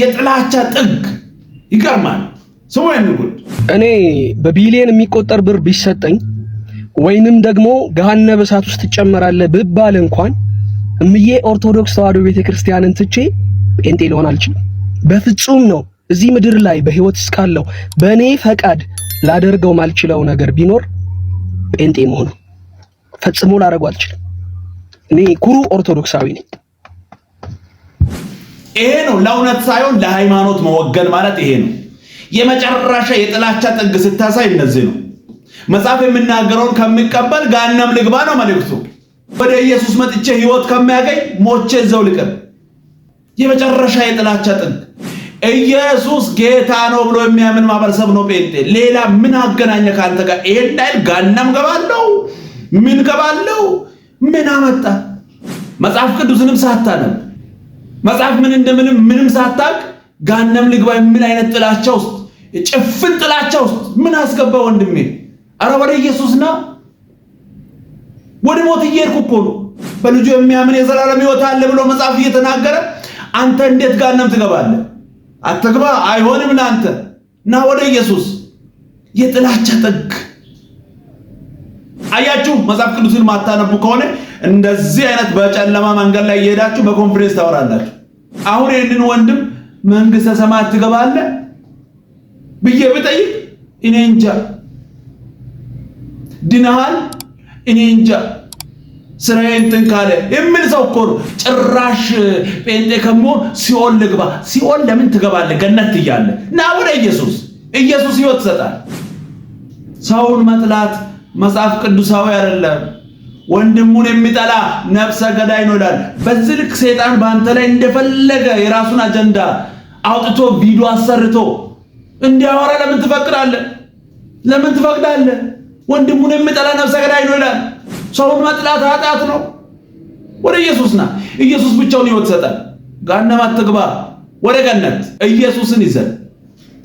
የጥላቻ ጥግ ይገርማል። ስሙ ንጉድ እኔ በቢሊየን የሚቆጠር ብር ቢሰጠኝ ወይንም ደግሞ ገሃነመ እሳት ውስጥ ትጨመራለህ ብባል እንኳን እምዬ ኦርቶዶክስ ተዋሕዶ ቤተክርስቲያንን ትቼ ጴንጤ ሊሆን አልችልም። በፍጹም ነው። እዚህ ምድር ላይ በህይወት እስካለው በእኔ ፈቃድ ላደርገው ማልችለው ነገር ቢኖር ጴንጤ መሆኑ ፈጽሞ ላደርገው አልችልም። እኔ ኩሩ ኦርቶዶክሳዊ ነኝ። ይሄ ነው ለእውነት ሳይሆን ለሃይማኖት መወገን ማለት ይሄ ነው። የመጨረሻ የጥላቻ ጥግ ስታሳይ እነዚህ ነው። መጽሐፍ የምናገረውን ከሚቀበል ጋናም ልግባ ነው መልእክቱ። ወደ ኢየሱስ መጥቼ ህይወት ከሚያገኝ ሞቼ እዛው ልቀር። የመጨረሻ የጥላቻ ጥግ ኢየሱስ ጌታ ነው ብሎ የሚያምን ማህበረሰብ ነው ጴንጤ። ሌላ ምን አገናኘ ከአንተ ጋር? ይሄ ዳይል ጋናም ገባለው ምን ገባለው ምን አመጣ? መጽሐፍ ቅዱስንም ሳታነብ መጽሐፍ ምን እንደምንም ምንም ሳታቅ ጋነም ልግባ ምን አይነት ጥላቻ ውስጥ ጭፍን ጥላቻ ውስጥ ምን አስገባ ወንድሜ? አረ ወደ ኢየሱስና ወደ ሞት እየሄድኩ እኮ ነው። በልጁ የሚያምን የዘላለም ሕይወት አለ ብሎ መጽሐፍ እየተናገረ አንተ እንዴት ጋነም ትገባለህ? አትግባ፣ አይሆንም። ለአንተ ና ወደ ኢየሱስ። የጥላቻ ጥግ አያችሁ። መጽሐፍ ቅዱስን ማታነቡ ከሆነ እንደዚህ አይነት በጨለማ መንገድ ላይ እየሄዳችሁ በኮንፊደንስ ታወራላችሁ። አሁን ይህንን ወንድም መንግስተ ሰማያት ትገባለ ብዬ ብጠይቅ እኔ እንጃ፣ ድነሃል እኔ እንጃ፣ ስራዬ እንትን ካለ የሚል ሰው እኮ ነው። ጭራሽ ጴንጤ ከሞ ሲኦል ልግባ። ሲኦል ለምን ትገባለ? ገነት እያለ ና ወደ ኢየሱስ። ኢየሱስ ህይወት ይሰጣል። ሰውን መጥላት መጽሐፍ ቅዱሳዊ አይደለም። ወንድሙን የሚጠላ ነፍሰ ገዳይ ነው ይላል። በዚህ ልክ ሰይጣን በአንተ ላይ እንደፈለገ የራሱን አጀንዳ አውጥቶ ቪዲዮ አሰርቶ እንዲያወራ ለምን ትፈቅዳለህ? ለምን ትፈቅዳለህ? ወንድሙን የሚጠላ ነፍሰ ገዳይ ነው ይላል። ሰውን መጥላት ኃጢአት ነው። ወደ ኢየሱስና ኢየሱስ ብቻውን ሕይወት ይሰጣል። ጋነም አትግባ፣ ወደ ገነት ኢየሱስን ይዘን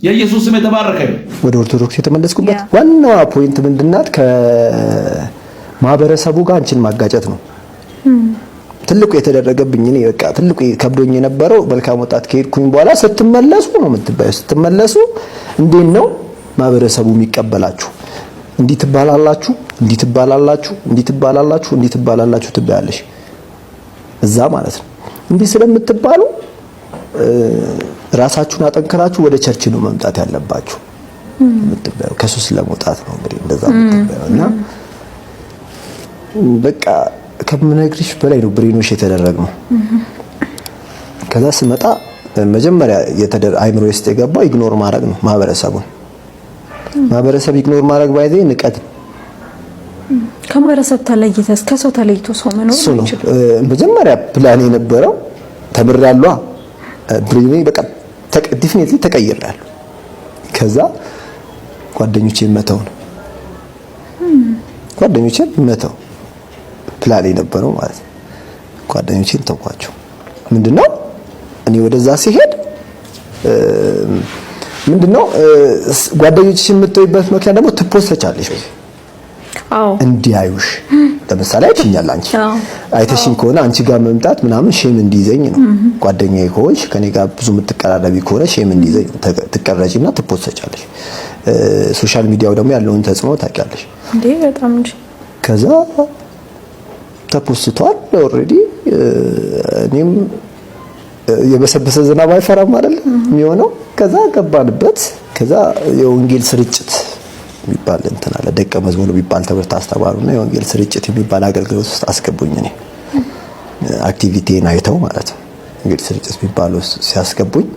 የኢየሱስ ስም የተባረከ። ወደ ኦርቶዶክስ የተመለስኩበት ዋናዋ ፖይንት ምንድናት? ማህበረሰቡ ጋር አንቺን ማጋጨት ነው ትልቁ የተደረገብኝ። እኔ በቃ ትልቁ ከብዶኝ የነበረው መልካም ወጣት ከሄድኩኝ በኋላ ስትመለሱ ነው የምትባዩ። ስትመለሱ እንዴት ነው ማህበረሰቡ የሚቀበላችሁ? እንዲህ ትባላላችሁ፣ እንዲህ ትባላላችሁ፣ እንዲህ ትባላላችሁ፣ እንዲህ ትባላላችሁ ትባያለሽ እዛ ማለት ነው። እንዲህ ስለምትባሉ ራሳችሁን አጠንክራችሁ ወደ ቸርች ነው መምጣት ያለባችሁ። ምትባዩ ከሱስ ለመውጣት ነው እንግዲህ እንደዛ የምትባዩ እና በቃ ከምነግርሽ በላይ ነው ብሬኖሽ የተደረግነው። ከዛ ስመጣ መጀመሪያ የተደረ አይምሮ ውስጥ የገባው ኢግኖር ማድረግ ነው ማህበረሰቡን። ማህበረሰብ ኢግኖር ማድረግ ባይዜ ንቀት ነው። ከማህበረሰብ ተለይተስ ከሰው ተለይቶ ሰው መኖር ነው። መጀመሪያ ፕላን የነበረው ተምሬያለሁ፣ ብሬኔ በቃ ዲፊኒትሊ ተቀይሬያለሁ። ከዛ ጓደኞቼ መተው ነው ጓደኞቼ መተው ፕላን የነበረው ማለት ነው። ጓደኞቼን ተውኳቸው። ምንድነው እኔ ወደዛ ሲሄድ ምንድነው ጓደኞችሽን የምትወይበት መኪና ደግሞ ትፖሰቻለሽ እንዲያዩሽ ለምሳሌ አይተኛል። አንቺ አይተሽኝ ከሆነ አንቺ ጋር መምጣት ምናምን ሼም እንዲይዘኝ ነው። ጓደኛዬ ከሆንሽ ከኔ ጋር ብዙ የምትቀራረቢ ከሆነ ሼም እንዲይዘኝ ትቀረጪና ትፖሰቻለሽ። ሶሻል ሚዲያው ደግሞ ያለውን ተጽዕኖ ታውቂያለሽ። ከዛ ተኮስቷል። ኦልሬዲ እኔም የበሰበሰ ዝናብ አይፈራም አይደል የሚሆነው። ከዛ ገባንበት። ከዛ የወንጌል ስርጭት የሚባል እንትን አለ። ደቀ መዝሙር የሚባል ትምህርት አስተማሩና የወንጌል ስርጭት የሚባል አገልግሎት ውስጥ አስገቡኝ። እኔ አክቲቪቲን አይተው ማለት ነው ወንጌል ስርጭት የሚባል ውስጥ ሲያስገቡኝ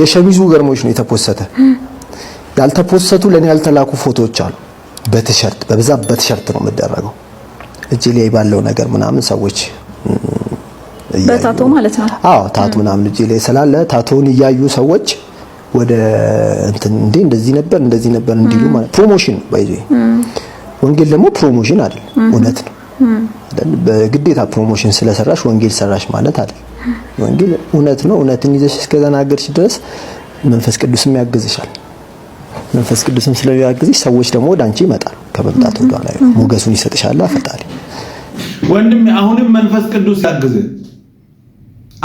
የሸሚዙ ገርሞች ነው የተፖሰተ። ያልተፖሰቱ ለእኔ ያልተላኩ ፎቶዎች አሉ። በትሸርት በብዛት በትሸርት ነው የምደረገው እጅ ላይ ባለው ነገር ምናምን ሰዎች በታቶ ማለት ነው። አዎ ታቶ ምናምን እጅ ላይ ስላለ ታቶን እያዩ ሰዎች ወደ እንትን እንዴ እንደዚህ ነበር እንደዚህ ነበር እንዲሉ ማለት ፕሮሞሽን ባይዙ ወንጌል ደግሞ ፕሮሞሽን አይደል፣ እውነት ነው። በግዴታ ፕሮሞሽን ስለሰራሽ ወንጌል ሰራሽ ማለት አይደል። ወንጌል እውነት ነው። እውነትን ይዘሽ እስከተናገርሽ ድረስ መንፈስ ቅዱስም ያግዝሻል። መንፈስ ቅዱስም ስለሚያግዝሽ ሰዎች ደግሞ ወደ አንቺ ይመጣሉ። ከመምጣት ወደ ላይ ሞገሱን ይሰጥሻል ፈጣሪ ወንድም አሁንም መንፈስ ቅዱስ ያግዝ።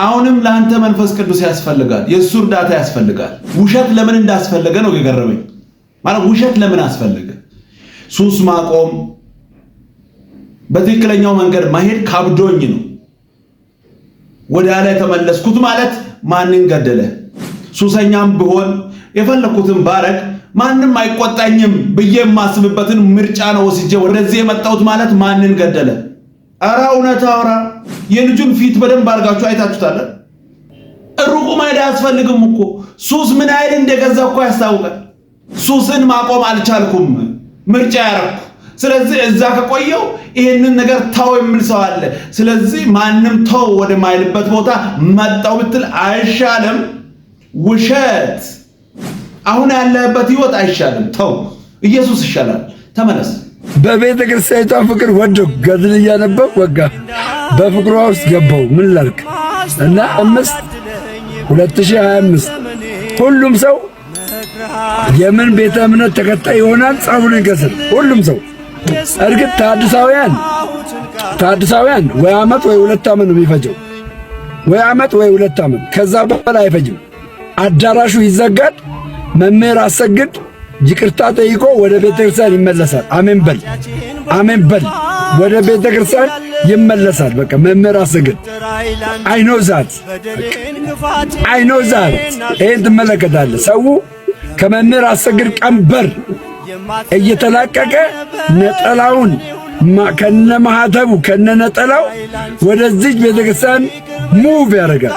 አሁንም ለአንተ መንፈስ ቅዱስ ያስፈልጋል፣ የእሱ እርዳታ ያስፈልጋል። ውሸት ለምን እንዳስፈለገ ነው የገረመኝ። ማለት ውሸት ለምን አስፈለገ? ሱስ ማቆም፣ በትክክለኛው መንገድ መሄድ ካብዶኝ ነው ወደ አለ ተመለስኩት ማለት ማንን ገደለ? ሱሰኛም ብሆን የፈለኩትን ባረግ ማንም አይቆጣኝም ብዬ የማስብበትን ምርጫ ነው ወስጄ ወደዚህ የመጣሁት ማለት ማንን ገደለ? አራ እውነት አውራ። የልጁን ፊት በደንብ አድርጋችሁ አይታችሁታል። ሩቁ ማሄድ አያስፈልግም እኮ ሱስ ምን አይል እንደገዛ እኮ ያስታውቃል። ሱስን ማቆም አልቻልኩም፣ ምርጫ ያረኩ። ስለዚህ እዛ ከቆየው ይሄንን ነገር ተው የሚል ሰው አለ። ስለዚህ ማንም ተው ወደ ማይልበት ቦታ መጣው ብትል አይሻልም? ውሸት። አሁን ያለበት ህይወት አይሻልም፣ ተው። ኢየሱስ ይሻላል፣ ተመለስ። በቤተ ክርስቲያኒቷ ፍቅር ወዶ ገድል እያነበብ ወጋ በፍቅሯ ውስጥ ገባው። ምን ላልክ እና አምስት 2025 ሁሉም ሰው የምን ቤተ እምነት ተከታይ ይሆናል? ጸጉሩን ይገስል። ሁሉም ሰው እርግጥ ታድሳውያን ታድሳውያን ወይ አመት ወይ ሁለት አመት ነው የሚፈጀው፣ ወይ አመት ወይ ሁለት አመት ከዛ በኋላ አይፈጅም። አዳራሹ ይዘጋል። መምህር አሰግድ ይቅርታ ጠይቆ ወደ ቤተክርስቲያን ይመለሳል። አሜን በል አሜን በል። ወደ ቤተክርስቲያን ይመለሳል። በቃ መምህር አሰግድ አይ ኖ ዛት አይ ኖ ዛት። ይሄን ትመለከታለህ። ሰው ከመምህር አሰግድ ቀንበር እየተላቀቀ ነጠላውን ከነ ማህተቡ ከነ ነጠላው ወደዚች ቤተክርስቲያን ሙቭ ያደርጋል።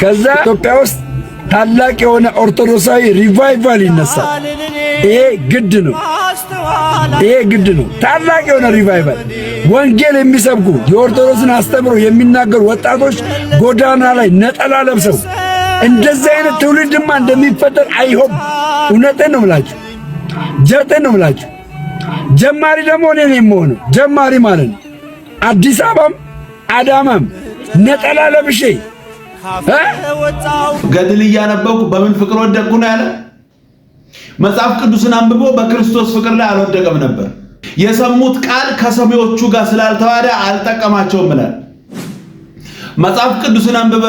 ከዛ ኢትዮጵያ ውስጥ ታላቅ የሆነ ኦርቶዶክሳዊ ሪቫይቫል ይነሳል። ይሄ ግድ ነው። ይሄ ግድ ነው። ታላቅ የሆነ ሪቫይቫል ወንጌል የሚሰብኩ የኦርቶዶክስን አስተምሮ የሚናገሩ ወጣቶች ጎዳና ላይ ነጠላ ለብሰው እንደዚህ አይነት ትውልድማ እንደሚፈጠር አይሆም እውነትን ነው ምላችሁ፣ ጀትን ነው ምላችሁ። ጀማሪ ደግሞ እኔ ነው የምሆነው ጀማሪ ማለት ነው። አዲስ አበባም አዳማም ነጠላ ለብሼ ገድል እያነበኩ በምን ፍቅር ወደቅኩ ነው ያለ። መጽሐፍ ቅዱስን አንብቦ በክርስቶስ ፍቅር ላይ አልወደቀም ነበር። የሰሙት ቃል ከሰሚዎቹ ጋር ስላልተዋደ አልጠቀማቸውም ይላል። መጽሐፍ ቅዱስን አንብበ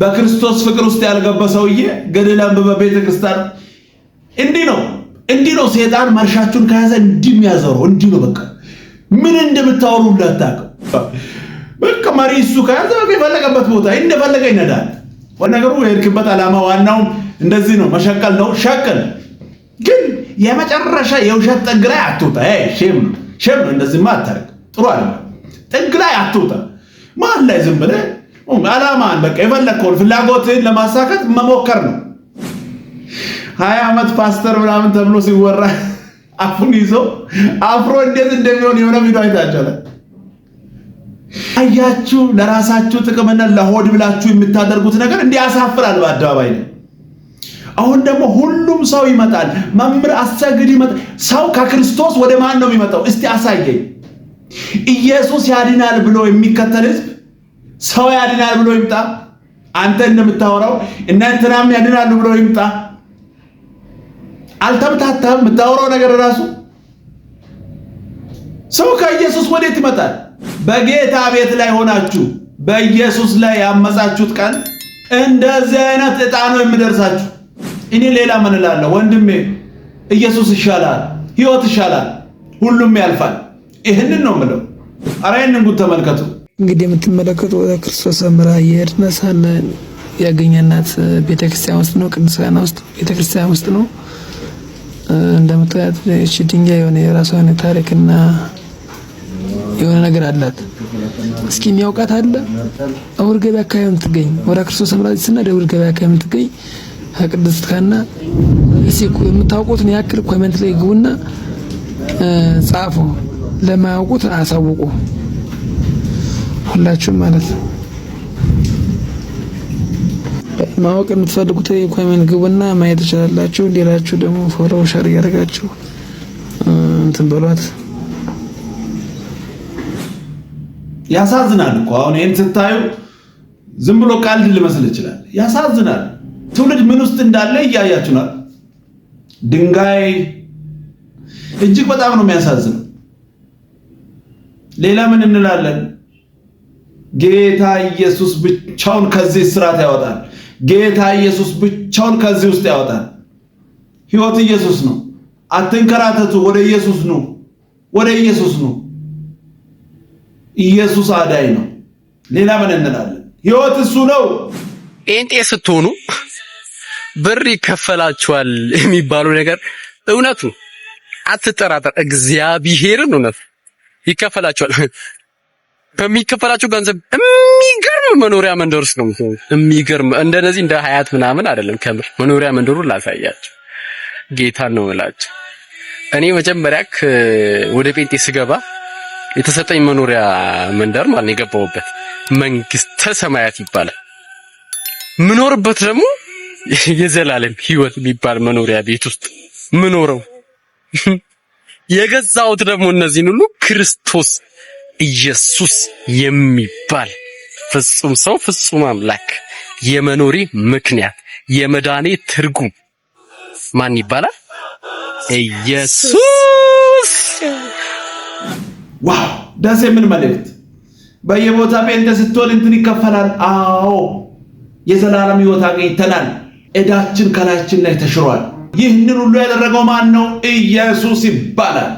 በክርስቶስ ፍቅር ውስጥ ያልገበ ሰውዬ ገድል አንብበ ቤተ ክርስቲያን እንዲህ ነው እንዲህ ነው። ሴጣን መርሻችሁን ከያዘ እንዲህ የሚያዘሩ እንዲህ ነው። በቃ ምን እንደምታወሩ ሁሉ በቃ መሪ እሱ ከያዘ በቃ የፈለገበት ቦታ እንደፈለገ ይነዳል። ወነገሩ የሄድክበት ዓላማ ዋናው እንደዚህ ነው፣ መሸቀል ነው። ሸቀል ግን የመጨረሻ የውሸት ጥግ ላይ አትውጣ። ሼም ነው፣ ሼም ነው። እንደዚህማ አታርግ፣ ጥሩ አለ። ጥግ ላይ አትውጣ። መሀል ላይ ዝም ብለህ ዓላማን በቃ የፈለግከውን ፍላጎትን ለማሳካት መሞከር ነው። ሀያ ዓመት ፓስተር ምናምን ተብሎ ሲወራ አፉን ይዞ አፍሮ እንዴት እንደሚሆን የሆነ ቪዲዮ አይታችኋል። አያችሁ፣ ለራሳችሁ ጥቅምና ለሆድ ብላችሁ የምታደርጉት ነገር እንዲህ ያሳፍራል። በአደባባይ ነው። አሁን ደግሞ ሁሉም ሰው ይመጣል። መምህር አሰግድ ይመጣል። ሰው ከክርስቶስ ወደ ማን ነው የሚመጣው? እስቲ አሳየኝ። ኢየሱስ ያድናል ብሎ የሚከተል ህዝብ ሰው ያድናል ብሎ ይምጣ። አንተ እንደምታወራው እነ ያድናሉ ብሎ ይምጣ። አልተምታታም። የምታወራው ነገር ራሱ ሰው ከኢየሱስ ወዴት ይመጣል? በጌታ ቤት ላይ ሆናችሁ በኢየሱስ ላይ ያመጻችሁት ቀን እንደዚህ አይነት ዕጣ ነው የምደርሳችሁ። እኔ ሌላ ምን እላለሁ? ወንድሜ ኢየሱስ ይሻላል፣ ህይወት ይሻላል፣ ሁሉም ያልፋል። ይህንን ነው የምለው። አረ ይህንን ጉድ ተመልከቱ። እንግዲህ የምትመለከቱ ወደ ክርስቶስ ሰምራ የሄድን ሳለን ያገኘናት ቤተክርስቲያን ውስጥ ነው፣ ቅድስና ውስጥ ቤተክርስቲያን ውስጥ ነው። እንደምታያት ድንጋይ የሆነ የራሷ የሆነ ታሪክና የሆነ ነገር አላት። እስኪ የሚያውቃት አለ? አውር ገበያ አካባቢ የምትገኝ ወራ ክርስቶስ አምራዚትና ደብር ገበያ አካባቢ የምትገኝ ቅድስት ሐናና እስኪ የምታውቁትን ያክል ኮሜንት ላይ ግቡና ጻፉ። ለማያውቁት አሳውቁ ሁላችሁም ማለት ነው። ማወቅ የምትፈልጉት ኮሜንት ግቡና ማየት ትችላላችሁ። ሌላችሁ ደግሞ ፎሎው ሸር እያደረጋችሁ እንትን በሏት። ያሳዝናል እኮ አሁን ይህን ስታዩ ዝም ብሎ ቀልድ ሊመስል ይችላል። ያሳዝናል። ትውልድ ምን ውስጥ እንዳለ እያያችሁናል። ድንጋይ እጅግ በጣም ነው የሚያሳዝነው። ሌላ ምን እንላለን? ጌታ ኢየሱስ ብቻውን ከዚህ ስርዓት ያወጣል። ጌታ ኢየሱስ ብቻውን ከዚህ ውስጥ ያወጣል። ሕይወት ኢየሱስ ነው። አትንከራተቱ። ወደ ኢየሱስ ነው። ወደ ኢየሱስ ነው። ኢየሱስ አዳኝ ነው። ሌላ ምን እንላለን? ህይወት እሱ ነው። ጴንጤ ስትሆኑ ብር ይከፈላችኋል የሚባለው ነገር እውነቱ አትጠራጠር። እግዚአብሔርን እውነት ይከፈላችኋል። በሚከፈላቸው ገንዘብ የሚገርም መኖሪያ መንደር ውስጥ ነው። የሚገርም እንደነዚህ እንደ ሀያት ምናምን አይደለም። ከምር መኖሪያ መንደሩ ላሳያችሁ። ጌታን ነው እላችሁ። እኔ መጀመሪያ ወደ ጴንጤ ስገባ የተሰጠኝ መኖሪያ መንደር ማለት የገባውበት መንግስተ ሰማያት ይባላል። ምኖርበት ደግሞ የዘላለም ህይወት የሚባል መኖሪያ ቤት ውስጥ ምኖረው የገዛሁት ደግሞ እነዚህን ሁሉ ክርስቶስ ኢየሱስ የሚባል ፍጹም ሰው ፍጹም አምላክ የመኖሪ ምክንያት የመዳኔ ትርጉም ማን ይባላል? ኢየሱስ ዋው! ደሴ የምን መልእክት! በየቦታ ጴንጤ ስትሆን እንትን ይከፈላል። አዎ የዘላለም ህይወት አገኝተናል። እዳችን ከላያችን ላይ ተሽሯል። ይህንን ሁሉ ያደረገው ማን ነው? ኢየሱስ ይባላል።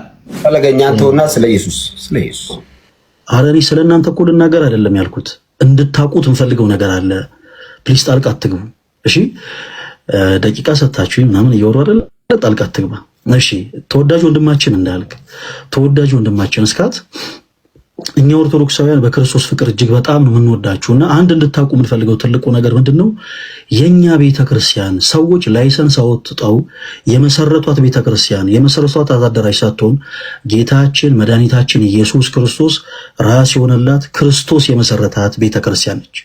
ፈለገኛ ተውና ስለ ኢየሱስ ስለ ኢየሱስ አረሪ ስለ እናንተ እኮ ልናገር አይደለም ያልኩት፣ እንድታውቁት እንፈልገው ነገር አለ። ፕሊስ ጣልቃ አትግቡ። እሺ ደቂቃ ሰታችሁ ምናምን እየወሩ አይደለ ጣልቃ አትግባ እሺ ተወዳጅ ወንድማችን እንዳልክ ተወዳጅ ወንድማችን እስካት እኛ ኦርቶዶክሳውያን በክርስቶስ ፍቅር እጅግ በጣም ነው እና አንድ እንድታውቁ የምንፈልገው ትልቁ ነገር ምንድን ነው? የእኛ ቤተ ክርስቲያን ሰዎች ላይሰንስ አወጥተው የመሰረቷት ቤተ ክርስቲያን የመሰረቷት አታደራጅ ሳትሆን ጌታችን መድኃኒታችን ኢየሱስ ክርስቶስ ራስ የሆነላት ክርስቶስ የመሰረታት ቤተ ክርስቲያን ነች።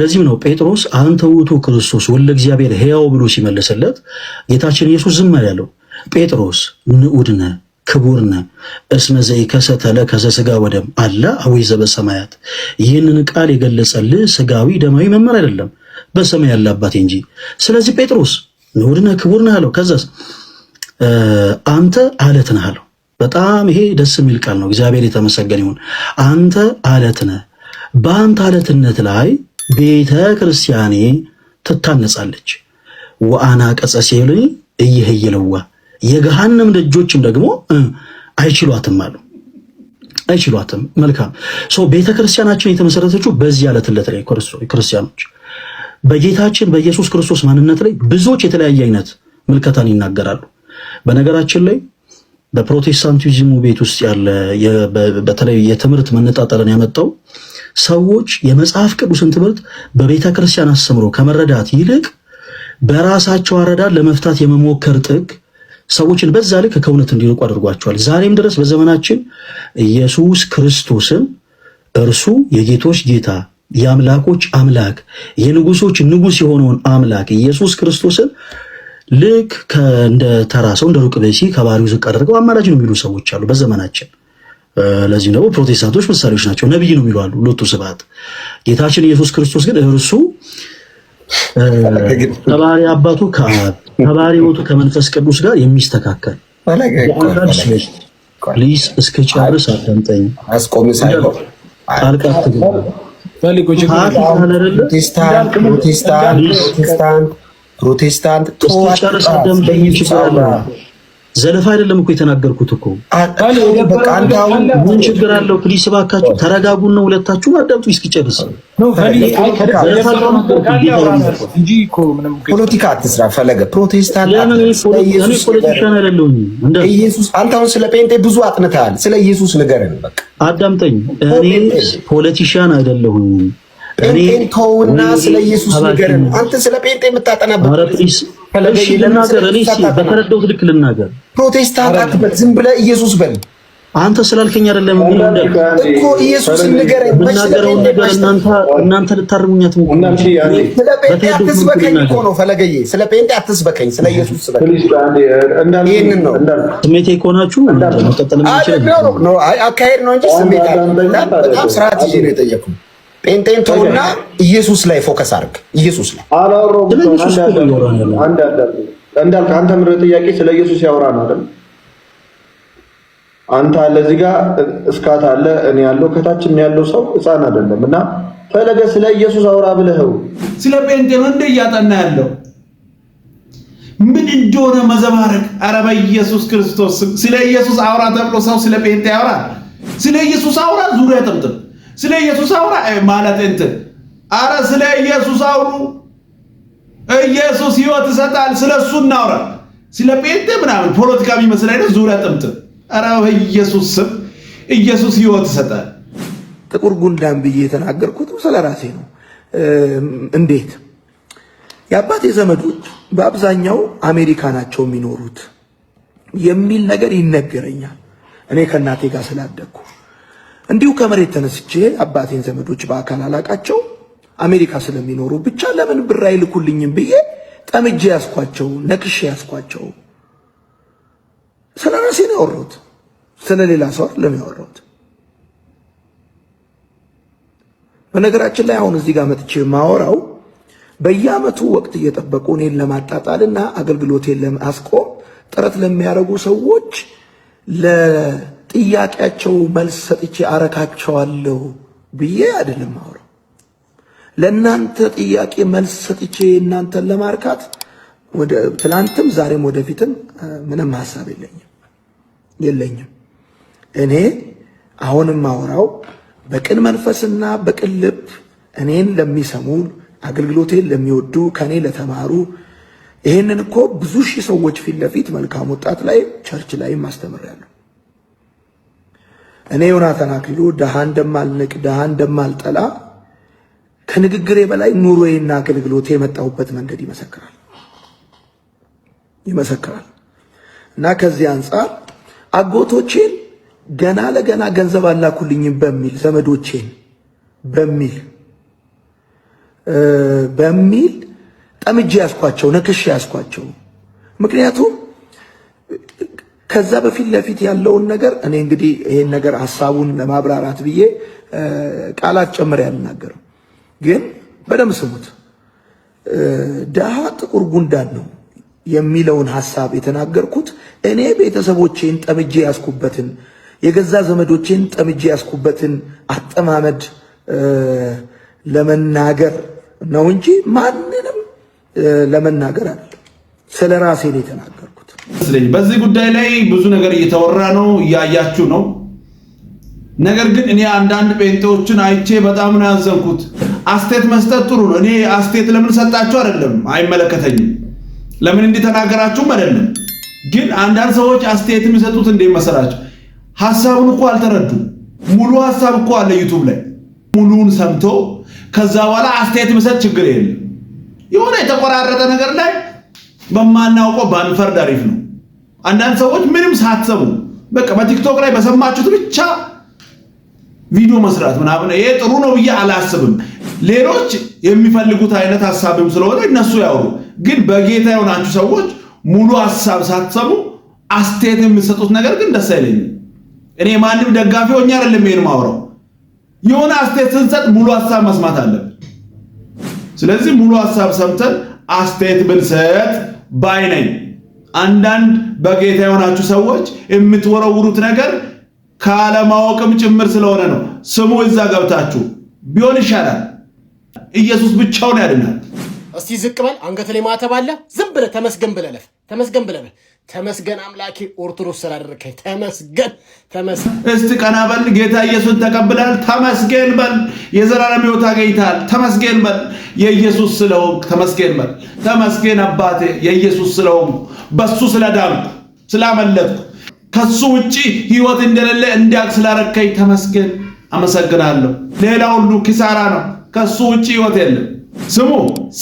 ለዚህም ነው ጴጥሮስ አንተ ውእቱ ክርስቶስ ወልደ እግዚአብሔር ሕያው ብሎ ሲመልስለት ጌታችን ኢየሱስ ዝም ያለው ጴጥሮስ ንዑድነ ክቡርነ እስመ ዘይከሰተ ለከ ዘሥጋ ወደም አለ አቡይ በሰማያት። ይህንን ቃል የገለጸልህ ስጋዊ ደማዊ መመር አይደለም በሰማይ ያለ አባቴ እንጂ። ስለዚህ ጴጥሮስ ንዑድነ ክቡርነ አለው። ከዛስ አንተ አለት ነህ አለው። በጣም ይሄ ደስ የሚል ቃል ነው። እግዚአብሔር የተመሰገን ይሁን። አንተ አለት ነህ፣ በአንተ አለትነት ላይ ቤተ ክርስቲያኔ ትታነጻለች። ወአና ቀጸሴ ልኝ እይህይለዋ የገሃነም ደጆችም ደግሞ አይችሏትም አሉ። አይችሏትም። መልካም ሰው ቤተ ክርስቲያናችን የተመሰረተችው በዚህ አለትለት ላይ ክርስቲያኖች በጌታችን በኢየሱስ ክርስቶስ ማንነት ላይ ብዙዎች የተለያየ አይነት ምልከታን ይናገራሉ። በነገራችን ላይ በፕሮቴስታንቲዝሙ ቤት ውስጥ ያለ በተለይ የትምህርት መነጣጠልን ያመጣው ሰዎች የመጽሐፍ ቅዱስን ትምህርት በቤተ ክርስቲያን አስተምሮ ከመረዳት ይልቅ በራሳቸው አረዳድ ለመፍታት የመሞከር ጥግ ሰዎችን በዛ ልክ ከእውነት እንዲርቁ አድርጓቸዋል። ዛሬም ድረስ በዘመናችን ኢየሱስ ክርስቶስን እርሱ የጌቶች ጌታ የአምላኮች አምላክ የንጉሶች ንጉስ የሆነውን አምላክ ኢየሱስ ክርስቶስን ልክ እንደ ተራ ሰው እንደ ሩቅ ብእሲ ከባህሪው ዝቅ አድርገው አማላጅ ነው የሚሉ ሰዎች አሉ በዘመናችን። ለዚህ ደግሞ ፕሮቴስታንቶች ምሳሌዎች ናቸው። ነቢይ ነው የሚሉ አሉ። ሎቱ ስብሐት ጌታችን ኢየሱስ ክርስቶስ ግን እርሱ ተባሪ አባቱ ከባህሪ ወቱ ከመንፈስ ቅዱስ ጋር የሚስተካከል የአንዳንድ ሰዎች አዳምጠኝ። አስቆም ሳይሆን ፕሮቴስታንት ፕሮቴስታንት ዘለፋ አይደለም እኮ የተናገርኩት እኮ ምን ችግር አለው? ፕሊስ እባካችሁ ነው ሁለታችሁም አዳምጡ እስኪጨርስ። ፖለቲካ አትስራ ፈለገ። ፕሮቴስታንት ኢየሱስ አንተ አሁን ስለ ጴንጤ ብዙ አጥንተሃል። ስለ ኢየሱስ ንገረን በቃ አዳምጠኝ። እኔ ፖለቲሽያን አይደለሁም። ጴንጤን ተውና ስለ ኢየሱስ ንገረን። አንተ ስለ ጴንጤ የምታጠናበት በተረዳሁት ልክ ልናገር። ፕሮቴስታንት አትበል፣ ዝም ብለህ ኢየሱስ በል። አንተ ስላልከኝ አይደለም እኮ ኢየሱስ ንገረኝ። ብናገረውን ነገር እናንተ እናንተ ልታርሙኝ አትሞክሩ። ስለ ጴንጤ አትስበከኝ እኮ ነው ፈለገዬ። ስለ ጴንጤ አትስበከኝ፣ ስለ ኢየሱስ ስበከኝ። ይህንን ነው ስሜቴ ከሆናችሁ መቀጠል የሚችል አካሄድ ነው እንጂ ስሜት በጣም ስርዓት ይዤ ነው የጠየኩህ ጴንጤንቶና ኢየሱስ ላይ ፎከስ አድርግ። ኢየሱስ ላይ እንዳልክ አንተ ምድረ ጥያቄ ስለ ኢየሱስ ያወራ ነው አይደል? አንተ አለ እዚህ ጋ እስካት አለ እኔ ያለው ከታችም ያለው ሰው ሕፃን አይደለም። እና ፈለገ ስለ ኢየሱስ አውራ ብለኸው ስለ ጴንጤ ነው እንደ እያጠና ያለው ምን እንደሆነ መዘባረቅ። ኧረ በኢየሱስ ክርስቶስ ስለ ኢየሱስ አውራ ተብሎ ሰው ስለ ጴንጤ ያወራ። ስለ ኢየሱስ አውራ ዙሪያ ጥምጥም ስለ ኢየሱስ አውራ ማለት እንትን አረ ስለ ኢየሱስ አውሩ። ኢየሱስ ህይወት ይሰጣል። ስለ እሱ እናውራ። ስለ ጴንጤ ምናምን ፖለቲካ የሚመስል አይነት ዙሪያ ጥምጥም። አረ በኢየሱስ ስም ኢየሱስ ህይወት ይሰጣል። ጥቁር ጉንዳን ብዬ የተናገርኩት ስለ ራሴ ነው። እንዴት የአባቴ ዘመዶች በአብዛኛው አሜሪካ ናቸው የሚኖሩት የሚል ነገር ይነገረኛል። እኔ ከእናቴ ጋር ስላደግኩ እንዲሁ ከመሬት ተነስቼ አባቴን ዘመዶች በአካል አላቃቸው አሜሪካ ስለሚኖሩ ብቻ ለምን ብር አይልኩልኝም ብዬ ጠምጄ ያስኳቸው፣ ነቅሼ ያስኳቸው። ስለ ራሴ ነው ያወራሁት፣ ስለ ሌላ ሰው አይደለም ያወራሁት። በነገራችን ላይ አሁን እዚህ ጋር መጥቼ ማወራው በየአመቱ ወቅት እየጠበቁ እኔን ለማጣጣልና አገልግሎቴን ለማስቆም ጥረት ለሚያደርጉ ሰዎች ጥያቄያቸው መልስ ሰጥቼ አረካቸዋለሁ ብዬ አይደለም አውረው ለእናንተ ጥያቄ መልስ ሰጥቼ እናንተን ለማርካት ወደ ትላንትም ዛሬም ወደፊትም ምንም ሀሳብ የለኝም የለኝም። እኔ አሁንም አውራው በቅን መንፈስና በቅን ልብ እኔን ለሚሰሙ አገልግሎቴን ለሚወዱ ከኔ ለተማሩ ይህንን እኮ ብዙ ሺህ ሰዎች ፊት ለፊት መልካም ወጣት ላይ ቸርች ላይም አስተምሬያለሁ። እኔ ዮናታን አክሊሉ ድሃ እንደማልንቅ ድሃ እንደማልጠላ ከንግግሬ በላይ ኑሮዬና አገልግሎቴ የመጣሁበት መንገድ ይመሰክራል ይመሰክራል። እና ከዚህ አንጻር አጎቶቼን ገና ለገና ገንዘብ አላኩልኝም በሚል ዘመዶቼን በሚል በሚል ጠምጄ ያስኳቸው፣ ነክሼ ያስኳቸው ምክንያቱም ከዛ በፊት ለፊት ያለውን ነገር እኔ እንግዲህ ይሄን ነገር ሀሳቡን ለማብራራት ብዬ ቃላት ጨምሬ አልናገርም፣ ግን በደንብ ስሙት። ድሃ ጥቁር ጉንዳን ነው የሚለውን ሀሳብ የተናገርኩት እኔ ቤተሰቦቼን ጠምጄ ያስኩበትን የገዛ ዘመዶቼን ጠምጄ ያስኩበትን አጠማመድ ለመናገር ነው እንጂ ማንንም ለመናገር አይደለም። ስለ ራሴ ነው የተናገር ስለዚህ በዚህ ጉዳይ ላይ ብዙ ነገር እየተወራ ነው፣ እያያችሁ ነው። ነገር ግን እኔ አንዳንድ ጴንጤዎችን አይቼ በጣም ነው ያዘንኩት። አስቴት መስጠት ጥሩ ነው። እኔ አስቴት ለምን ሰጣችሁ አይደለም፣ አይመለከተኝም። ለምን እንዲተናገራችሁም አይደለም። ግን አንዳንድ ሰዎች አስቴት የሚሰጡት እንደ መሰላቸው ሀሳቡን እኮ አልተረዱም። ሙሉ ሀሳብ እኮ አለ ዩቱብ ላይ ሙሉውን ሰምቶ ከዛ በኋላ አስተያየት መሰጥ ችግር የለም። የሆነ የተቆራረጠ ነገር ላይ በማናውቀው ባንፈርድ አሪፍ ነው። አንዳንድ ሰዎች ምንም ሳትሰሙ በቃ በቲክቶክ ላይ በሰማችሁት ብቻ ቪዲዮ መስራት ምናምን ይሄ ጥሩ ነው ብዬ አላስብም። ሌሎች የሚፈልጉት አይነት ሀሳብም ስለሆነ እነሱ ያውሩ። ግን በጌታ የሆናችሁ ሰዎች ሙሉ ሀሳብ ሳትሰሙ አስተያየት የምትሰጡት ነገር ግን ደስ አይለኝም። እኔ ማንም ደጋፊ ሆኜ አይደለም ይሄን ማውራው። የሆነ አስተያየት ስንሰጥ ሙሉ ሀሳብ መስማት አለብን። ስለዚህ ሙሉ ሀሳብ ሰምተን አስተያየት ብንሰጥ ባይ ነኝ። አንዳንድ በጌታ የሆናችሁ ሰዎች የምትወረውሩት ነገር ካለማወቅም ጭምር ስለሆነ ነው። ስሙ፣ እዛ ገብታችሁ ቢሆን ይሻላል። ኢየሱስ ብቻውን ያድናል። እስቲ ዝቅ በል፣ አንገት ላይ ማተብ አለ። ዝም ብለህ ተመስገን ብለለፍ ተመስገን ብለህ ተመስገን አምላኬ፣ ኦርቶዶክስ ስላደረከኝ ተመስገን ተመስገን። እስቲ ቀና በል ጌታ ኢየሱስ ተቀብላል ተመስገን በል። የዘላለም ሕይወት አገኝታል። ተመስገን በል። የኢየሱስ ስለሆንክ ተመስገን በል። ተመስገን አባቴ፣ የኢየሱስ ስለው በሱ ስለዳንኩ፣ ስላመለጥኩ፣ ከሱ ውጪ ሕይወት እንደሌለ እንዲያቅ ስላረከኝ ተመስገን፣ አመሰግናለሁ። ሌላ ሁሉ ኪሳራ ነው። ከሱ ውጪ ሕይወት የለም። ስሙ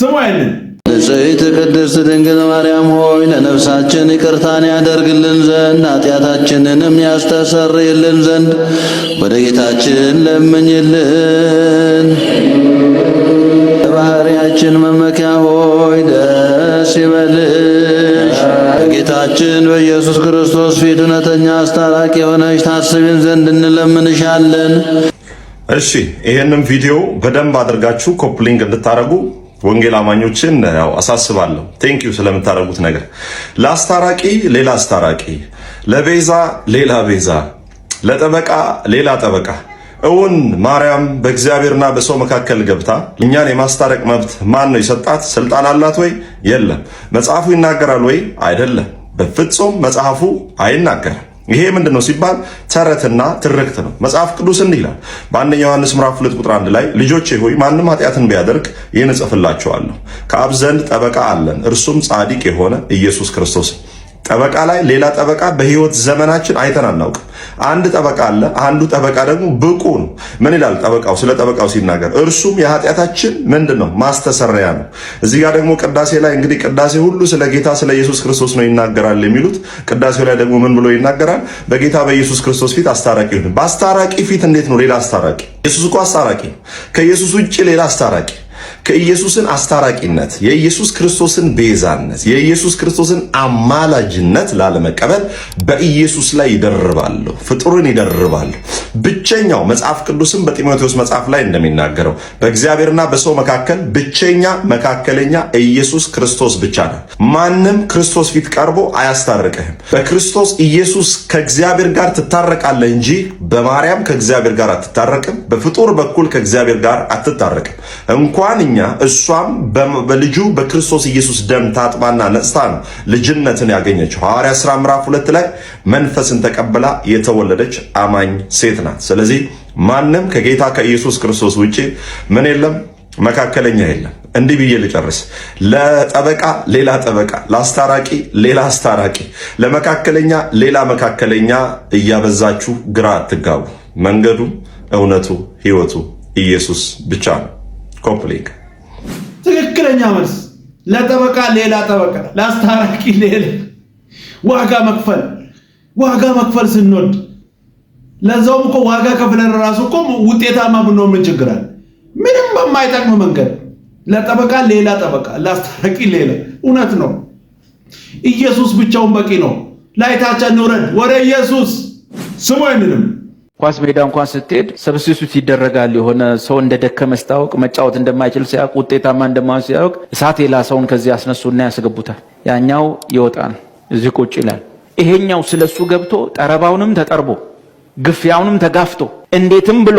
ስሙ አይልን ንጽሕት ቅድስት ድንግል ማርያም ሆይ ለነፍሳችን ይቅርታን ያደርግልን ዘንድ ኃጢአታችንንም ያስተሰርይልን ዘንድ ወደ ጌታችን ለምኝልን። ለባህሪያችን መመኪያ ሆይ ደስ ይበልሽ። በጌታችን በኢየሱስ ክርስቶስ ፊት እውነተኛ አስታራቂ የሆነች ታስቢን ዘንድ እንለምንሻለን። እሺ፣ ይህንም ቪዲዮ በደንብ አድርጋችሁ ኮፕሊንግ እንድታደርጉ ወንጌል አማኞችን ያው አሳስባለሁ። ቴንክ ዩ ስለምታደርጉት ነገር። ለአስታራቂ ሌላ አስታራቂ፣ ለቤዛ ሌላ ቤዛ፣ ለጠበቃ ሌላ ጠበቃ። እውን ማርያም በእግዚአብሔርና በሰው መካከል ገብታ እኛን የማስታረቅ መብት ማን ነው የሰጣት? ስልጣን አላት ወይ? የለም። መጽሐፉ ይናገራል ወይ? አይደለም። በፍጹም መጽሐፉ አይናገርም። ይሄ ምንድን ነው ሲባል ተረትና ትርክት ነው። መጽሐፍ ቅዱስ እንዲህ ይላል በአንደኛ ዮሐንስ ምዕራፍ 2 ቁጥር 1 ላይ ልጆቼ ሆይ ማንም ኃጢአትን ቢያደርግ ይህን እጽፍላችኋለሁ ከአብ ዘንድ ጠበቃ አለን እርሱም ጻድቅ የሆነ ኢየሱስ ክርስቶስ ጠበቃ ላይ ሌላ ጠበቃ በህይወት ዘመናችን አይተን አናውቅም። አንድ ጠበቃ አለ። አንዱ ጠበቃ ደግሞ ብቁ ነው። ምን ይላል ጠበቃው? ስለ ጠበቃው ሲናገር እርሱም የኃጢአታችን ምንድን ነው ማስተሰሪያ ነው። እዚህ ጋር ደግሞ ቅዳሴ ላይ እንግዲህ ቅዳሴ ሁሉ ስለ ጌታ ስለ ኢየሱስ ክርስቶስ ነው ይናገራል የሚሉት። ቅዳሴው ላይ ደግሞ ምን ብሎ ይናገራል? በጌታ በኢየሱስ ክርስቶስ ፊት አስታራቂ ይሁን። በአስታራቂ ፊት እንዴት ነው ሌላ አስታራቂ? ኢየሱስ እኮ አስታራቂ ነው። ከኢየሱስ ውጭ ሌላ አስታራቂ ከኢየሱስን አስታራቂነት የኢየሱስ ክርስቶስን ቤዛነት የኢየሱስ ክርስቶስን አማላጅነት ላለመቀበል በኢየሱስ ላይ ይደርባለሁ፣ ፍጡርን ይደርባለሁ። ብቸኛው መጽሐፍ ቅዱስም በጢሞቴዎስ መጽሐፍ ላይ እንደሚናገረው በእግዚአብሔርና በሰው መካከል ብቸኛ መካከለኛ ኢየሱስ ክርስቶስ ብቻ ነው። ማንም ክርስቶስ ፊት ቀርቦ አያስታርቅህም። በክርስቶስ ኢየሱስ ከእግዚአብሔር ጋር ትታረቃለህ እንጂ በማርያም ከእግዚአብሔር ጋር አትታረቅም። በፍጡር በኩል ከእግዚአብሔር ጋር አትታረቅም እንኳን ዳግመኛ እሷም በልጁ በክርስቶስ ኢየሱስ ደም ታጥባና ነጽታ ነው ልጅነትን ያገኘችው። ሐዋርያ ሥራ ምዕራፍ ሁለት ላይ መንፈስን ተቀብላ የተወለደች አማኝ ሴት ናት። ስለዚህ ማንም ከጌታ ከኢየሱስ ክርስቶስ ውጪ ምን የለም መካከለኛ የለም። እንዲህ ብዬ ልጨርስ። ለጠበቃ ሌላ ጠበቃ፣ ለአስታራቂ ሌላ አስታራቂ፣ ለመካከለኛ ሌላ መካከለኛ እያበዛችሁ ግራ አትጋቡ። መንገዱ፣ እውነቱ፣ ህይወቱ ኢየሱስ ብቻ ነው። ኮምፕሊክ ትክክለኛ መልስ ለጠበቃ ሌላ ጠበቃ፣ ለአስታራቂ ሌላ ዋጋ መክፈል ዋጋ መክፈል ስንወድ ለዛውም እኮ ዋጋ ከፍለን ራሱ እኮ ውጤታማ ብኖ ምን ችግር አለ? ምንም በማይጠቅም መንገድ ለጠበቃ ሌላ ጠበቃ፣ ለአስታራቂ ሌላ። እውነት ነው። ኢየሱስ ብቻውን በቂ ነው። ላይታችን ውረድ ወደ ኢየሱስ ስሙ አይንልም። ኳስ ሜዳ እንኳን ስትሄድ ሰብስቲቱት ይደረጋል። የሆነ ሰው እንደደከመ ስታወቅ፣ መጫወት እንደማይችል ሲያውቅ፣ ውጤታማ እንደማሆን ሲያውቅ እሳት ሌላ ሰውን ከዚህ ያስነሱና ያስገቡታል። ያኛው ይወጣል፣ እዚህ ቁጭ ይላል። ይሄኛው ስለሱ ገብቶ ጠረባውንም ተጠርቦ ግፊያውንም ተጋፍቶ እንዴትም ብሎ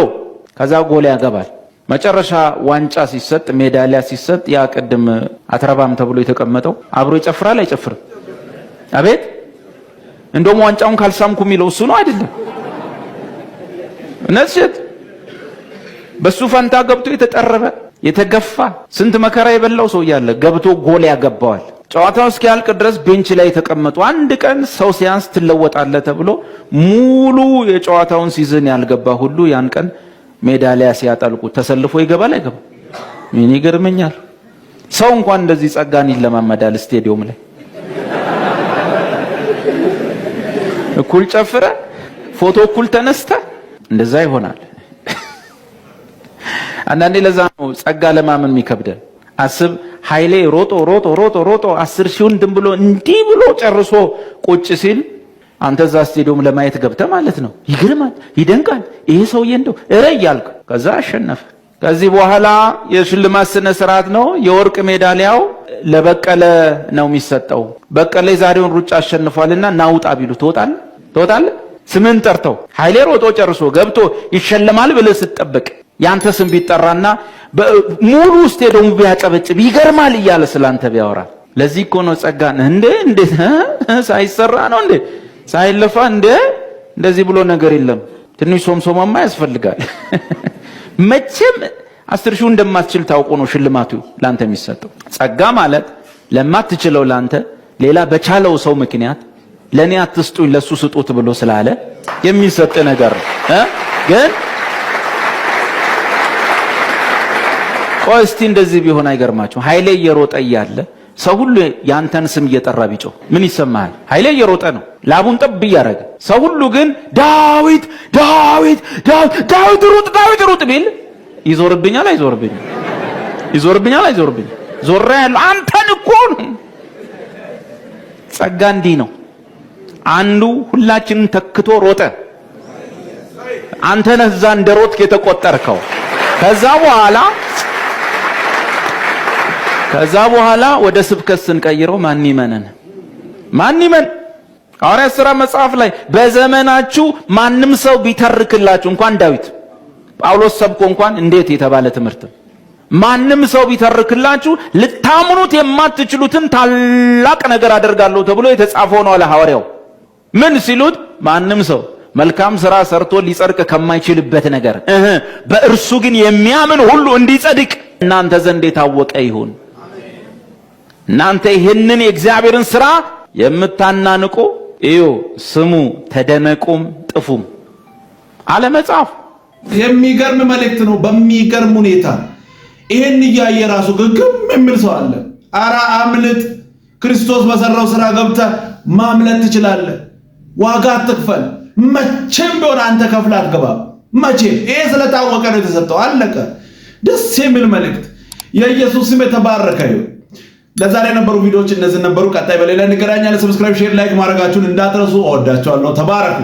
ከዛ ጎል ያገባል። መጨረሻ ዋንጫ ሲሰጥ ሜዳሊያ ሲሰጥ ያ ቅድም አትረባም ተብሎ የተቀመጠው አብሮ ይጨፍራል አይጨፍርም? አቤት እንደውም ዋንጫውን ካልሳምኩ የሚለው እሱ ነው አይደለም? መስጅድ በሱ ፈንታ ገብቶ የተጠረበ የተገፋ ስንት መከራ የበላው ሰው እያለ ገብቶ ጎል ያገባዋል። ጨዋታው እስኪያልቅ ድረስ ቤንች ላይ የተቀመጡ አንድ ቀን ሰው ሲያንስ ትለወጣለ ተብሎ ሙሉ የጨዋታውን ሲዝን ያልገባ ሁሉ ያን ቀን ሜዳሊያ ሲያጠልቁ ተሰልፎ ይገባል አይገባ? ምን ይገርመኛል። ሰው እንኳን እንደዚህ ጸጋን ይለማመዳል። ስቴዲየም ላይ እኩል ጨፍረ ፎቶ እኩል ተነስተ እንደዛ ይሆናል። አንዳንዴ ለዛ ነው ጸጋ ለማመን የሚከብደን። አስብ ኃይሌ ሮጦ ሮጦ ሮጦ ሮጦ አስር ሲሆን ድም ብሎ እንዲህ ብሎ ጨርሶ ቁጭ ሲል አንተ እዛ ስቴዲዮም ለማየት ገብተ ማለት ነው። ይግርማል፣ ይደንቃል። ይሄ ሰውዬ እንደው እረ እያልክ ከዛ አሸነፈ። ከዚህ በኋላ የሽልማት ስነ ስርዓት ነው። የወርቅ ሜዳሊያው ለበቀለ ነው የሚሰጠው። በቀለ የዛሬውን ሩጫ አሸንፏልና ናውጣ ቢሉ ትወጣለህ? ትወጣለህ? ስምን ጠርተው ኃይሌ ሮጦ ጨርሶ ገብቶ ይሸለማል ብለህ ስትጠብቅ ያንተ ስም ቢጠራና ሙሉ ውስጥ ስቴዲየሙ ቢያጨበጭብ ይገርማል እያለ ስላንተ ቢያወራ ለዚህ እኮ ነው ጸጋ እንደ እንደ ሳይሰራ ነው እንደ ሳይለፋ እንደ እንደዚህ ብሎ ነገር የለም። ትንሽ ሶምሶማማ ያስፈልጋል። መቼም አስር ሺው እንደማትችል ታውቆ ነው ሽልማቱ ላንተ የሚሰጠው። ጸጋ ማለት ለማትችለው ላንተ ሌላ በቻለው ሰው ምክንያት ለእኔ አትስጡኝ ለእሱ ስጡት ብሎ ስላለ የሚሰጥ ነገር ነው። ግን ቆይ እስቲ እንደዚህ ቢሆን አይገርማችሁም? ኃይሌ እየሮጠ እያለ ሰው ሁሉ ያንተን ስም እየጠራ ቢጮህ ምን ይሰማሃል? ኃይሌ እየሮጠ ነው፣ ላቡን ጠብ እያደረገ ሰው ሁሉ ግን ዳዊት ዳዊት ዳዊት ሩጥ ዳዊት ሩጥ ቢል ይዞርብኛል አይዞርብኛል? ይዞርብኛል አይዞርብኛል? ዞራ ያለ አንተን እኮ ነው። ጸጋ እንዲህ ነው። አንዱ ሁላችንን ተክቶ ሮጠ። አንተ ነህ እዛ እንደ ሮጥክ የተቆጠርከው። ከዛ በኋላ ከዛ በኋላ ወደ ስብከት ስንቀይረው ማን ይመነን? ማን ይመን? ሐዋርያት ሥራ መጽሐፍ ላይ በዘመናችሁ ማንም ሰው ቢተርክላችሁ እንኳን ዳዊት ጳውሎስ ሰብኮ እንኳን እንዴት የተባለ ትምህርት ማንም ሰው ቢተርክላችሁ ልታምኑት የማትችሉትን ታላቅ ነገር አደርጋለሁ ተብሎ የተጻፈው ነው አለ ሐዋርያው። ምን ሲሉት ማንም ሰው መልካም ስራ ሰርቶ ሊጸድቅ ከማይችልበት ነገር እህ በእርሱ ግን የሚያምን ሁሉ እንዲጸድቅ እናንተ ዘንድ የታወቀ ይሁን። እናንተ ይህንን የእግዚአብሔርን ስራ የምታናንቁ እዩ፣ ስሙ፣ ተደነቁም፣ ጥፉም አለ መጽሐፍ። የሚገርም መልእክት ነው። በሚገርም ሁኔታ ይህን እያየ ራሱ ግግም የሚል ሰው አለ። አራ አምልጥ፣ ክርስቶስ በሰራው ስራ ገብተ ማምለጥ ትችላለህ። ዋጋ አትክፈል። መቼም ቢሆን አንተ ከፍላ አትገባ። መቼ ይሄ ስለታወቀ ነው የተሰጠው። አለቀ። ደስ የሚል መልእክት። የኢየሱስ ስም የተባረከ ይሁን። ለዛሬ የነበሩ ቪዲዮዎች እነዚህ ነበሩ። ቀጣይ በሌላ እንገናኛለን። ሰብስክራይብ፣ ሼር፣ ላይክ ማድረጋችሁን እንዳትረሱ። እወዳችኋለሁ። ተባረኩ።